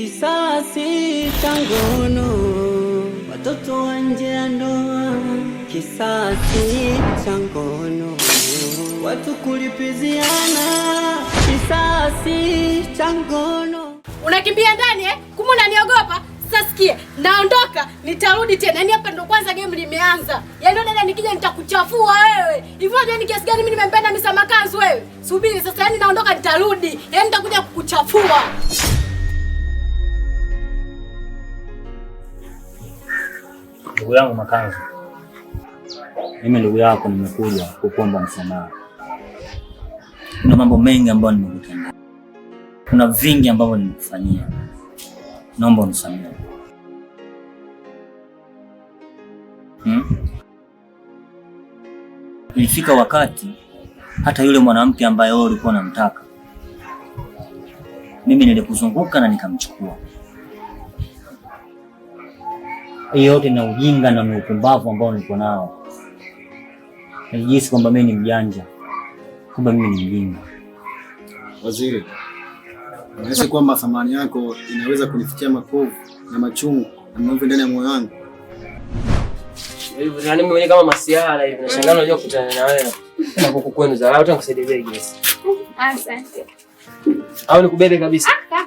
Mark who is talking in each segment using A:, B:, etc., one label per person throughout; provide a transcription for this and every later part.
A: Kisasi cha ngono, watoto wanje ya ndoa. Kisasi cha ngono, watu kulipiziana. Kisasi cha ngono. Unakimbia ndani eh? kumu unaniogopa? Sasikie, naondoka, nitarudi tena. Yaani hapa ndo kwanza game limeanza. Yaani dada, nikija nitakuchafua wewe. Hivyo unajua ni kiasi gani mimi nimempenda misamakanzu wewe? Subiri sasa, yaani naondoka, nitarudi. Yaani nitakuja kukuchafua.
B: Ndugu yangu Makanzu, mimi ndugu yako nimekuja kukuomba msamaha. Kuna mambo mengi ambayo nimekutendea, kuna vingi ambavyo nimekufanyia, naomba unisamehe. Hmm? Ilifika wakati hata yule mwanamke ambaye wewe ulikuwa unamtaka mimi nilikuzunguka na nikamchukua yote na ujinga na upumbavu ambao niko nao, najihisi kwamba mimi ni mjanja, kwamba mimi ni mjinga.
C: Waziri, nahisi kwamba thamani yako inaweza kunifikia makovu na machungu na maumivu ndani ya moyo wangu.
D: Yaani mimi kama masiara hivi nashangaa, unajua kukutana na wewe na kuku kwenu za gesi.
E: Asante.
D: Au nikubebe kabisa?
E: Ah, ah.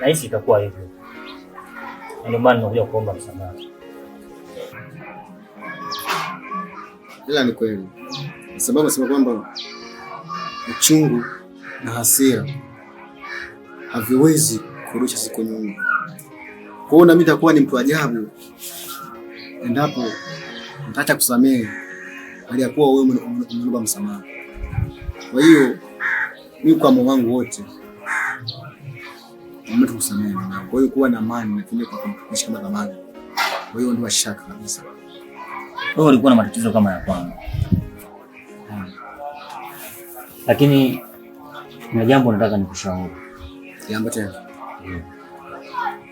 B: Nahisi itakuwa hivyo, ndio maana nimekuja kuomba msamaha.
C: Ila ni kweli, kwa sababu nasema kwamba uchungu na hasira haviwezi kurudisha siku nyuma. Kwa hiyo mimi nitakuwa ni mtu ajabu endapo nitaacha kusamehe hali ya kuwa wewe umeniomba msamaha. Kwa hiyo mimi kwa moyo wangu wote mtu na kwa hiyo kuwa na amani na kile kwa kama zamani. Kwa hiyo ndio shaka kabisa.
B: Wewe ulikuwa na matatizo kama ya kwangu, ah. lakini na jambo nataka nikushauri. Jambo tena?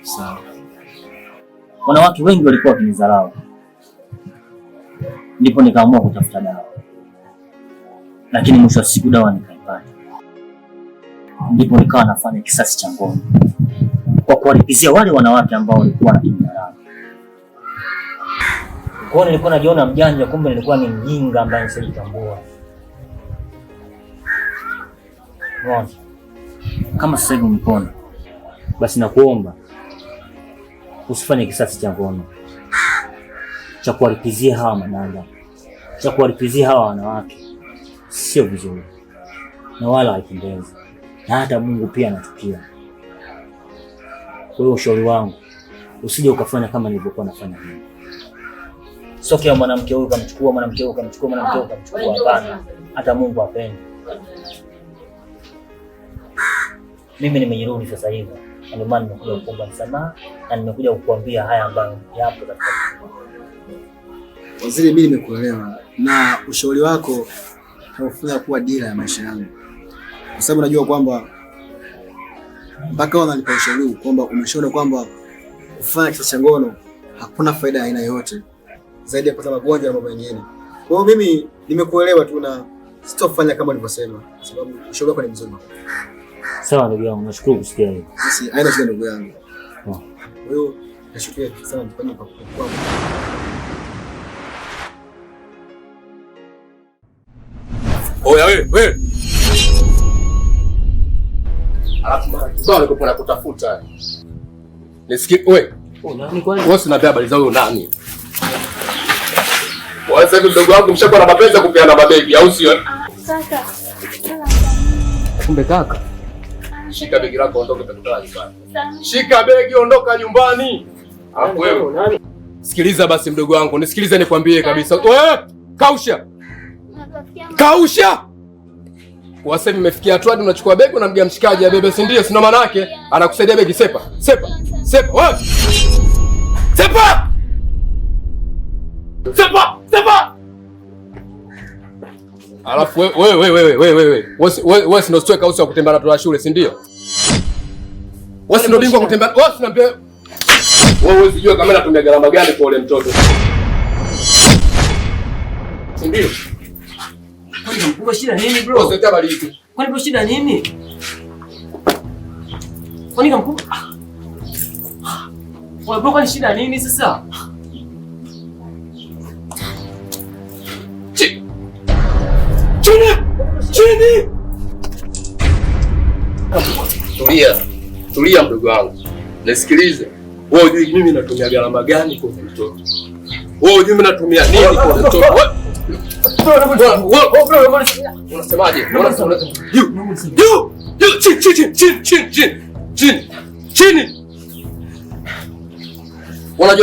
B: Sawa wanawake wengi walikuwa wakinizarau, ndipo nikaamua kutafuta dawa, lakini mwisho wa siku dawa nikaipata, ndipo nikawa nafanya kisasi cha ngono kwa kuwalipizia wale wanawake ambao walikuwa wakinidharau. Kwao nilikuwa najiona mjanja, kumbe nilikuwa ni mjinga ambaye nisijitambua. Kama sasa hivi mkono, basi nakuomba usifanye kisasi cha ngono cha kuwaripizia hawa madada, cha kuwaripizia hawa wanawake, sio vizuri na wala haipendezi, na hata Mungu pia anachukia. Kwa hiyo ushauri wangu usije ukafanya kama nilivyokuwa nafanya mimi. Sio mwanamke huyu kamchukua mwanamke huyu kamchukua mwanamke huyu kamchukua, hapana. Hata Mungu apende. Mimi nimejeruhi sasa hivi na ndio maana nimekuja kuomba msamaha na nimekuja kukuambia haya ambayo yapo katika
C: Waziri, mimi nimekuelewa na ushauri wako haufanya kuwa dira ya maisha yangu, kwa sababu najua kwamba mpaka wananipa ushauri kwamba umeshaona kwamba kufanya kisa cha ngono hakuna faida aina yoyote zaidi ya kupata magonjwa na mambo mengine. Kwa hiyo mimi nimekuelewa tu na sitofanya kama ulivyosema, kwa sababu ushauri wako ni mzuri.
B: Sawa ndugu yangu, nashukuru kusikia hivyo.
C: Sisi haina shida ndugu yangu. Oh. Kwa hiyo nashukuru sana mfanye kwa kwa.
F: Oya wewe, wewe. Alafu mara sawa niko pona kutafuta. Nisikie wewe. Oh, nani kwani? Wewe sina habari za huyo nani? Wewe sasa mdogo wangu mshakuwa na mapenzi kupeana mabebi au sio? Ah,
E: kaka. Kumbe kaka. Shika begi lako ondoka, utakutoa
F: nyumbani. Shika begi ondoka nyumbani. Hapo ah, wewe. Sikiliza basi mdogo wangu, nisikilize nikwambie kabisa. Wewe kausha. Kausha. Wase nimefikia hatua hadi unachukua begi unamgia mshikaji ya bebe, si ndio? Sina maana yake anakusaidia begi. Sepa, sepa, sepa. Wewe. Sepa. Sepa. Alafu wewe wewe wewe wewe wewe wewe si ndio stoka usio kutembea na watoto shule si ndio? Wewe si ndio bingwa kutembea. Wewe si unambia wewe huwezi jua kama natumia gharama gani kwa ule mtoto. Si ndio?
B: Kwa shida nini bro?
F: Kwa shida nini?
B: Kwa shida nini? Kwa nini kamkuba? Kwa ah! bro, kwa shida nini sasa?
F: nini? Tulia, tulia mdogo wangu, nisikilize. Wewe unajui mimi natumia gharama gani kwa mtoto? Wewe unajui mimi natumia nini kwa mtoto? Unasemaje? Unajua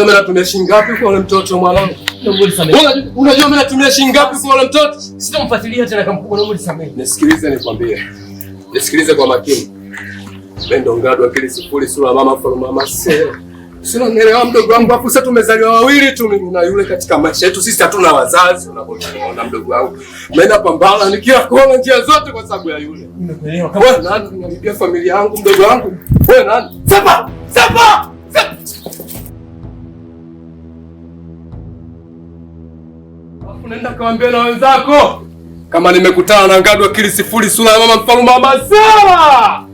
F: mimi natumia shilingi ngapi kwa mtoto mwanangu? Unajua mimi natumia shilingi ngapi kwa yule mtoto?
B: Sitamfuatilia tena kama mkubwa, naomba unisamehe.
F: Nisikilize nikwambie. Nisikilize kwa makini. Mendo ngadu akili sifuri sura mama for mama sio. Sina nielewa mdogo wangu hapo sasa tumezaliwa wawili tu mimi na yule katika maisha yetu sisi hatuna wazazi unaona mdogo wangu. Mimi pambana nikiwa kwa njia zote kwa sababu ya yule. Nimekuelewa kama nani nalibia familia yangu mdogo wangu. Wewe nani? Sapa! Sapa! unaenda kawambia na wenzako, kama nimekutana na Ngadu akili sifuri, sura ya mama mfalme wa masela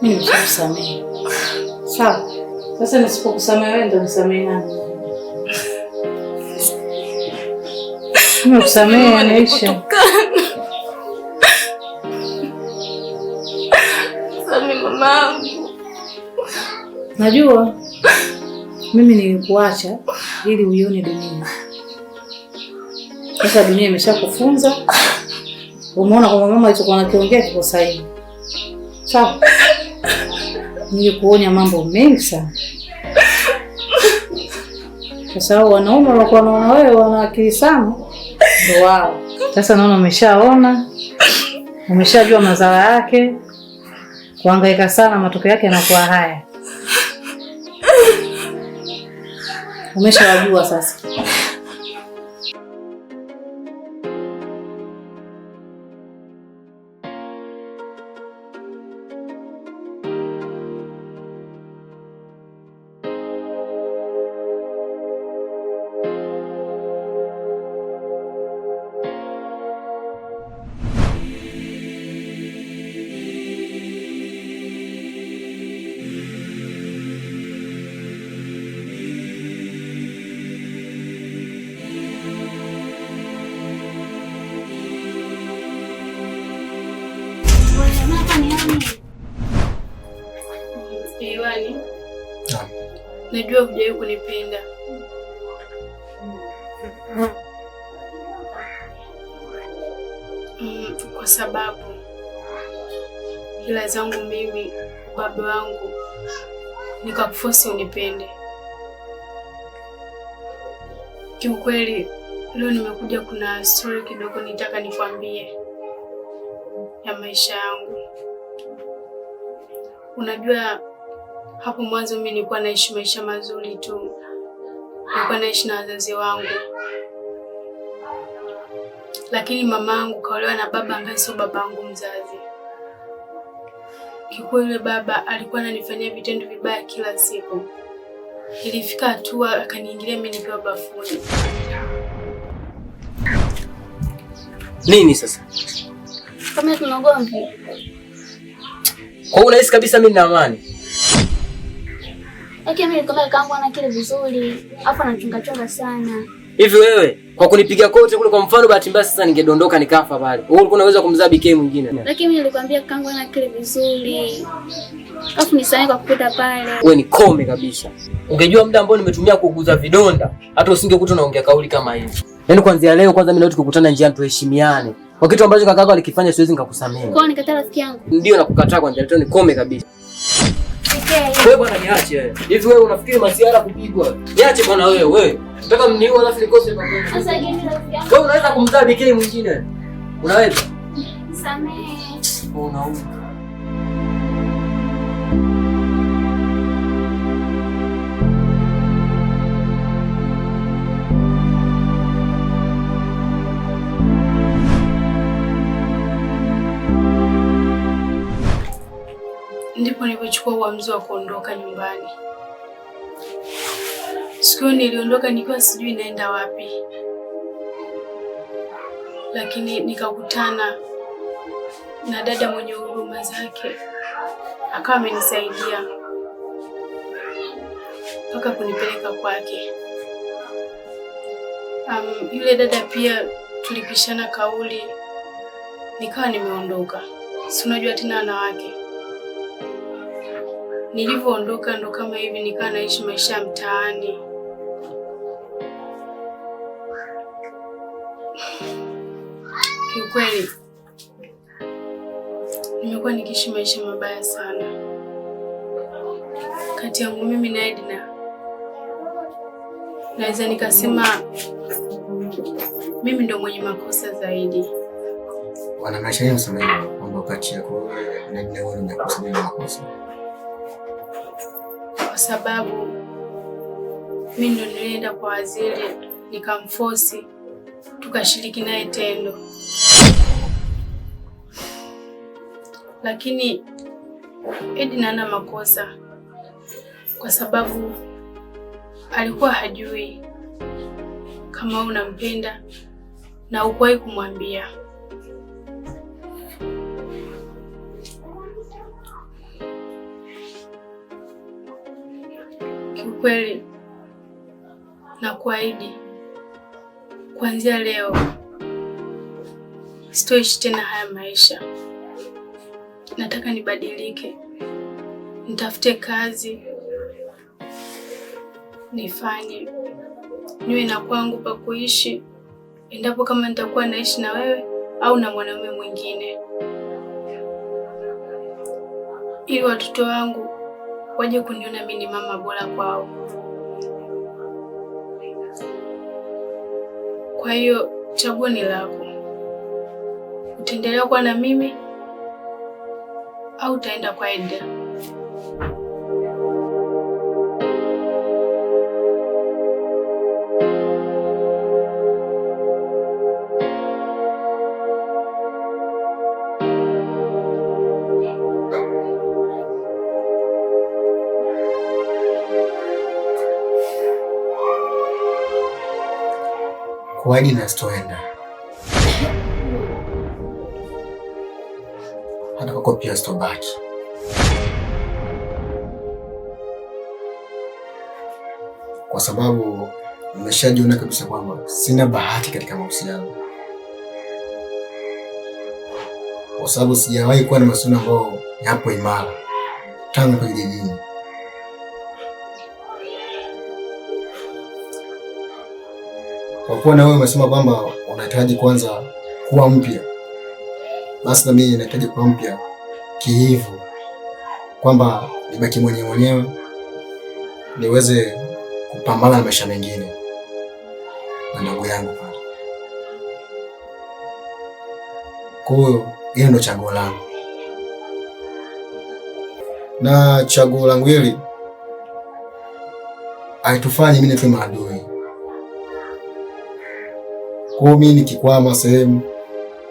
G: Mimi Sasa nisipokusamehe wewe ndio nisamehe nani? Mimi kusamehe Najua mimi nilikuacha ili uione dunia. Sasa dunia imeshakufunza. Umeona kwamba mama alichokuwa anakiongea kiko sahihi. Sawa. Nilikuonya mambo mengi sana. Sasa wanaume walikuwa wanaona wewe wana akili sana. Ndio wao. Sasa naona umeshaona, umeshajua madhara yake, kuhangaika sana, matokeo yake yanakuwa haya. Umeshawajua sasa.
H: Iwani, najua hujawahi kunipenda mm, kwa sababu ila zangu mimi baba wangu nikakufosi unipende. Kiukweli leo nimekuja, kuna stori kidogo nitaka nikwambie ya maisha yangu. Unajua, hapo mwanzo mimi nilikuwa naishi maisha mazuri tu, nilikuwa naishi na wazazi wangu, lakini mamangu kaolewa na baba ambaye sio babangu mzazi. Kiukweli yule baba alikuwa ananifanyia vitendo vibaya kila siku. Ilifika hatua akaniingilia mimi nikiwa bafuni.
I: Nini sasa?
J: kama tuna ugomvi.
I: Kwa hiyo unahisi kabisa mimi nina amani?
J: Lakini mimi kama kangu ana kile vizuri, afu anachunga chunga sana.
I: Hivi wewe kwa kunipiga kote kule, kwa mfano bahati mbaya sasa ningedondoka nikafa pale. Wewe ulikuwa unaweza kumzaa BK mwingine.
J: Lakini mimi nilikwambia kangu ana kile vizuri. Afu nisamehe kwa kukuta pale.
I: Wewe ni kome kabisa. Ungejua muda ambao nimetumia kuguza vidonda, hata usingekuta unaongea kauli kama hivi. Yaani kuanzia leo kwanza mimi na wewe tukikutana njiani tuheshimiane. Kwa kitu ambacho kakako alikifanya siwezi nikakusamehe.
J: Kwa nikataa rafiki yangu.
I: Ndio nakukataa kwa njia kome kabisa. Okay. Wewe bwana niache. Hivi wewe unafikiri masiara kupigwa? Niache bwana wewe wewe. Nataka mniue alafu nikose kwa kweli. Sasa hivi rafiki yangu. Wewe unaweza kumzaa bikini mwingine. Unaweza? Samehe. Unauma.
H: ndipo nilipochukua uamuzi wa kuondoka nyumbani. Siku hiyo niliondoka nikiwa sijui naenda wapi, lakini nikakutana na dada mwenye huruma zake, akawa amenisaidia mpaka kunipeleka kwake. Um, yule dada pia tulipishana kauli, nikawa nimeondoka. Si unajua tena wanawake Nilivyoondoka ndo kama hivi nikaa naishi maisha ya mtaani. Kiukweli nimekuwa nikiishi maisha mabaya sana. Kati yangu mimi na Edna, naweza nikasema mimi ndo mwenye makosa zaidi.
I: Wana yao wasema kwamba kati yako na Edna wewe ndio makosa
H: kwa sababu mimi ndo nilienda kwa waziri nikamfosi tukashiriki naye tendo, lakini Edi ana makosa kwa sababu alikuwa hajui kama unampenda na ukuwahi kumwambia. Kiukweli kuahidi kuanzia leo sitoishi tena haya maisha. Nataka nibadilike, nitafute kazi nifanye, niwe na kwangu pa kuishi, endapo kama nitakuwa naishi na wewe au na mwanaume mwingine, ili watoto wangu waje kuniona mimi ni mama bora kwao. Kwa hiyo chaguo ni lako, utaendelea kuwa na mimi au utaenda kwa Edda.
I: Wine na stoenda hata kwako pia stobaki. Kwa sababu nimeshajiona kabisa kwamba sina bahati katika mahusiano, kwa sababu sijawahi kuwa na mahusiano ambayo yapo imara tangu kwa jijini Kwa kuwa na wewe umesema kwamba unahitaji kwanza kuwa mpya, basi na mimi nahitaji kuwa mpya kihivu kwamba nibaki mwenye mwenyewe niweze kupambana na maisha mengine na ndugu yangu pale. Kwa hiyo hiyo ndo chaguo langu, na chaguo langu hili haitufanyi mimi niwe maadui kumi nikikwama sehemu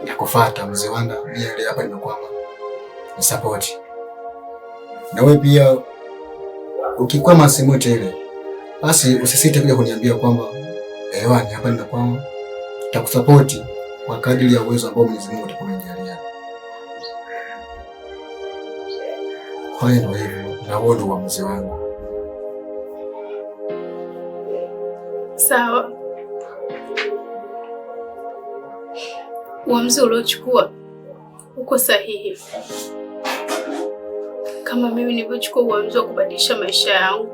I: nakufata mzee wanda, ile hapa nimekwama, ni support. Na wewe pia ukikwama sehemu yote ile, basi usisite kuja kuniambia kwamba hewani, eh, hapa nimekwama, takusapoti kwa kadiri ya uwezo ambao Mwenyezi Mungu atakujalia. Kwa hiyo ndio hivyo, na wewe ndio mzee wangu,
H: sawa uamuzi uliochukua uko sahihi, kama mimi nilivyochukua uamuzi wa kubadilisha maisha yangu.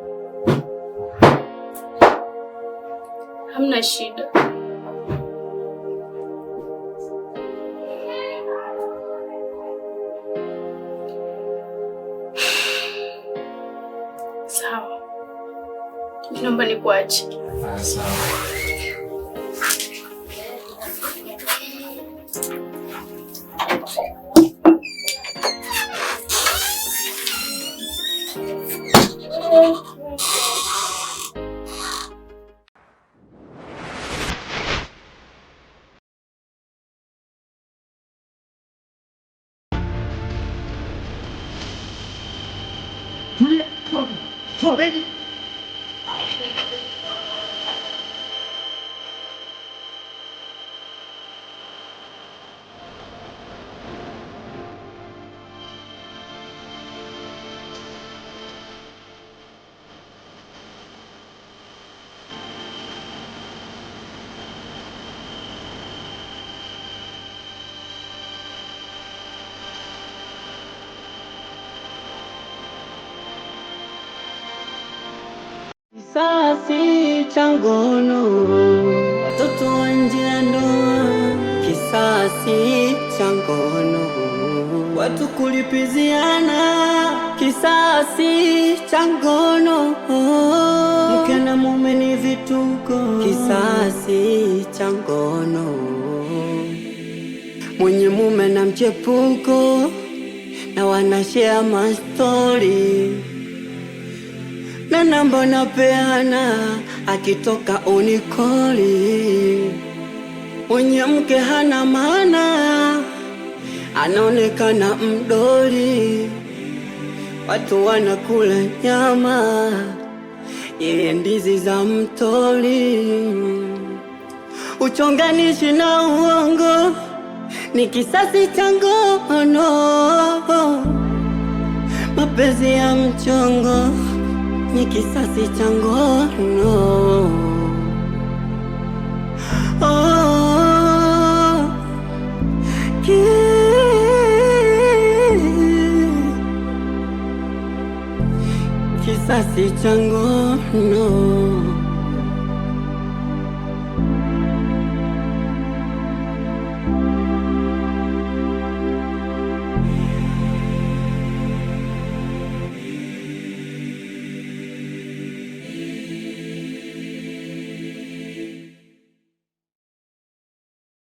H: Hamna shida. Sawa, naomba nikuache. Sawa. already
K: kisasi cha ngono, watoto wa nje ya ndoa, kisasi cha ngono, watu kulipiziana, kisasi cha ngono,
L: mke na mume ni vituko,
K: kisasi cha ngono, mwenye mume na mchepuko na wanashare mastori na namba napeana, akitoka unikoli. Mwenye mke hana maana, anaonekana mdoli, watu wanakula nyama, yeye ndizi za mtoli. Uchonganishi na uongo ni kisasi cha ngono, mapenzi ya mchongo ni kisasi cha ngono oh, ki, kisasi cha ngono